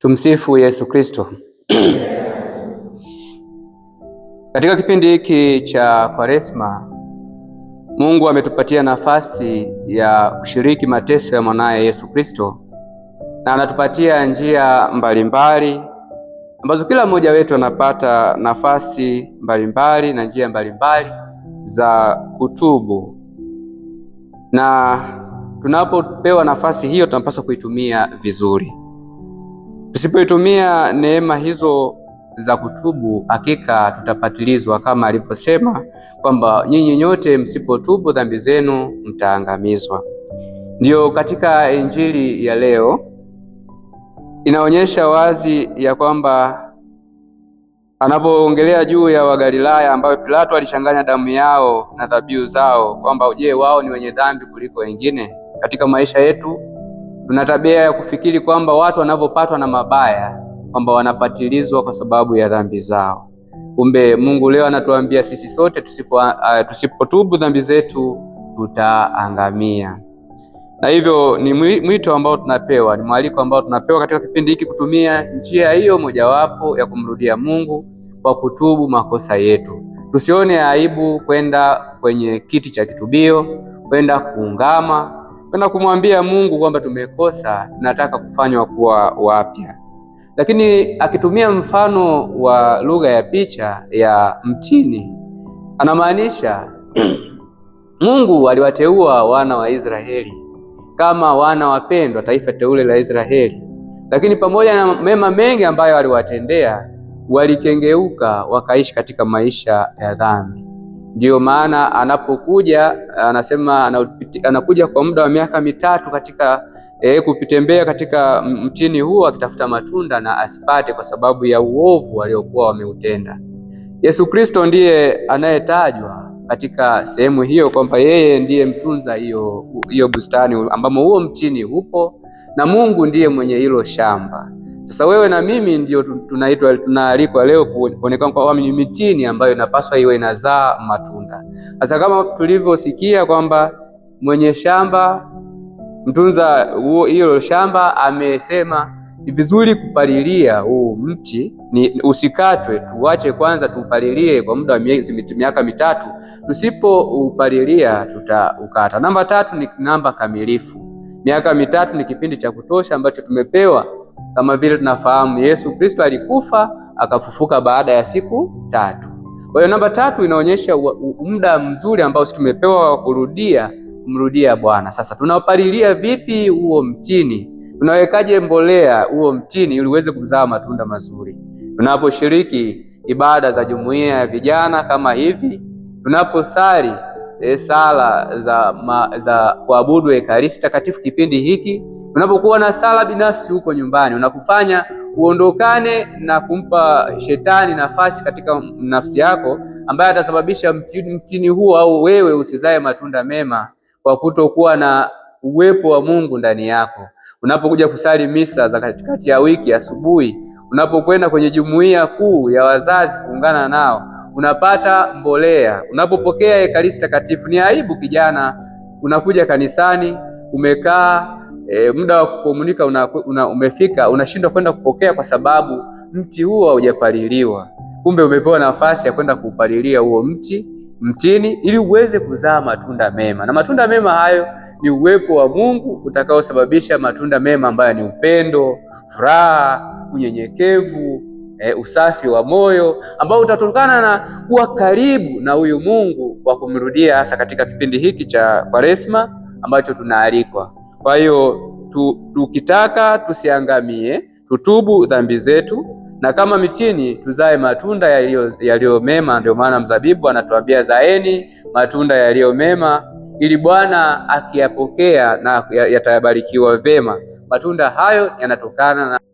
Tumsifu Yesu Kristo. Katika kipindi hiki cha Kwaresma, Mungu ametupatia nafasi ya kushiriki mateso ya mwanaye Yesu Kristo, na anatupatia njia mbalimbali ambazo kila mmoja wetu anapata nafasi mbalimbali na njia mbalimbali za kutubu, na tunapopewa nafasi hiyo tunapaswa kuitumia vizuri. Tusipoitumia neema hizo za kutubu, hakika tutapatilizwa, kama alivyosema kwamba nyinyi nyote msipotubu dhambi zenu mtaangamizwa. Ndiyo, katika injili ya leo inaonyesha wazi ya kwamba anapoongelea juu ya Wagalilaya ambayo Pilato alichanganya damu yao na dhabihu zao, kwamba je, wao ni wenye dhambi kuliko wengine? Katika maisha yetu Tuna tabia ya kufikiri kwamba watu wanavyopatwa na mabaya kwamba wanapatilizwa kwa sababu ya dhambi zao. Kumbe Mungu leo anatuambia sisi sote tusipo, uh, tusipotubu dhambi zetu tutaangamia. Na hivyo ni mwito ambao tunapewa, ni mwaliko ambao tunapewa katika kipindi hiki kutumia njia hiyo mojawapo ya kumrudia Mungu kwa kutubu makosa yetu. Tusione aibu kwenda kwenye kiti cha kitubio, kwenda kuungama kwenda kumwambia Mungu kwamba tumekosa, nataka kufanywa kuwa wapya. Lakini akitumia mfano wa lugha ya picha ya mtini, anamaanisha Mungu aliwateua wana wa Israeli kama wana wapendwa, taifa teule la Israeli, lakini pamoja na mema mengi ambayo aliwatendea, walikengeuka wakaishi katika maisha ya dhambi. Ndiyo maana anapokuja anasema anakuja kwa muda wa miaka mitatu katika e, eh, kupitembea katika mtini huo akitafuta matunda na asipate, kwa sababu ya uovu waliokuwa wameutenda. Yesu Kristo ndiye anayetajwa katika sehemu hiyo kwamba yeye ndiye mtunza hiyo hiyo bustani ambamo huo mtini upo na Mungu ndiye mwenye hilo shamba. Sasa wewe na mimi ndio tunaitwa tunaalikwa leo kuonekana kwa wami mitini ambayo inapaswa iwe inazaa matunda. Sasa kama tulivyosikia kwamba mwenye shamba, mtunza hilo shamba amesema ni vizuri kupalilia huu mti, ni usikatwe, tuwache kwanza tupalilie kwa muda wa miezi miaka mitatu. Tusipoupalilia tutaukata. Namba tatu ni namba kamilifu. Miaka mitatu ni kipindi cha kutosha ambacho tumepewa kama vile tunafahamu Yesu Kristo alikufa akafufuka baada ya siku tatu. Kwa hiyo namba tatu inaonyesha muda mzuri ambao sisi tumepewa wa kurudia kumrudia Bwana. Sasa tunaopalilia vipi huo mtini? Tunawekaje mbolea huo mtini ili uweze kuzaa matunda mazuri? Tunaposhiriki ibada za jumuiya ya vijana kama hivi, tunaposali e, sala za, ma, za kuabudu Ekaristi Takatifu kipindi hiki. Unapokuwa na sala binafsi huko nyumbani, unakufanya uondokane na kumpa shetani nafasi katika nafsi yako, ambaye atasababisha mtini, mtini huo au wewe usizae matunda mema kwa kutokuwa na uwepo wa Mungu ndani yako. Unapokuja kusali misa za katikati ya wiki asubuhi Unapokwenda kwenye jumuiya kuu ya wazazi kuungana nao, unapata mbolea. Unapopokea ekaristi takatifu, ni aibu kijana, unakuja kanisani umekaa E, muda wa kukomunika una, una, umefika unashindwa kwenda kupokea kwa sababu mti huo haujapaliliwa. Kumbe umepewa nafasi ya kwenda kuupalilia huo mti mtini ili uweze kuzaa matunda mema, na matunda mema hayo ni uwepo wa Mungu utakaosababisha matunda mema ambayo ni upendo, furaha, unyenyekevu, e, usafi wa moyo ambao utatokana na kuwa karibu na huyu Mungu wa kumrudia, hasa katika kipindi hiki cha Kwaresma ambacho tunaalikwa. Kwa hiyo tukitaka tusiangamie, tutubu dhambi zetu na kama mitini tuzae matunda yaliyo mema. Ndio maana mzabibu anatuambia zaeni matunda yaliyo mema, ili Bwana akiyapokea na yatabarikiwa vema. Matunda hayo yanatokana na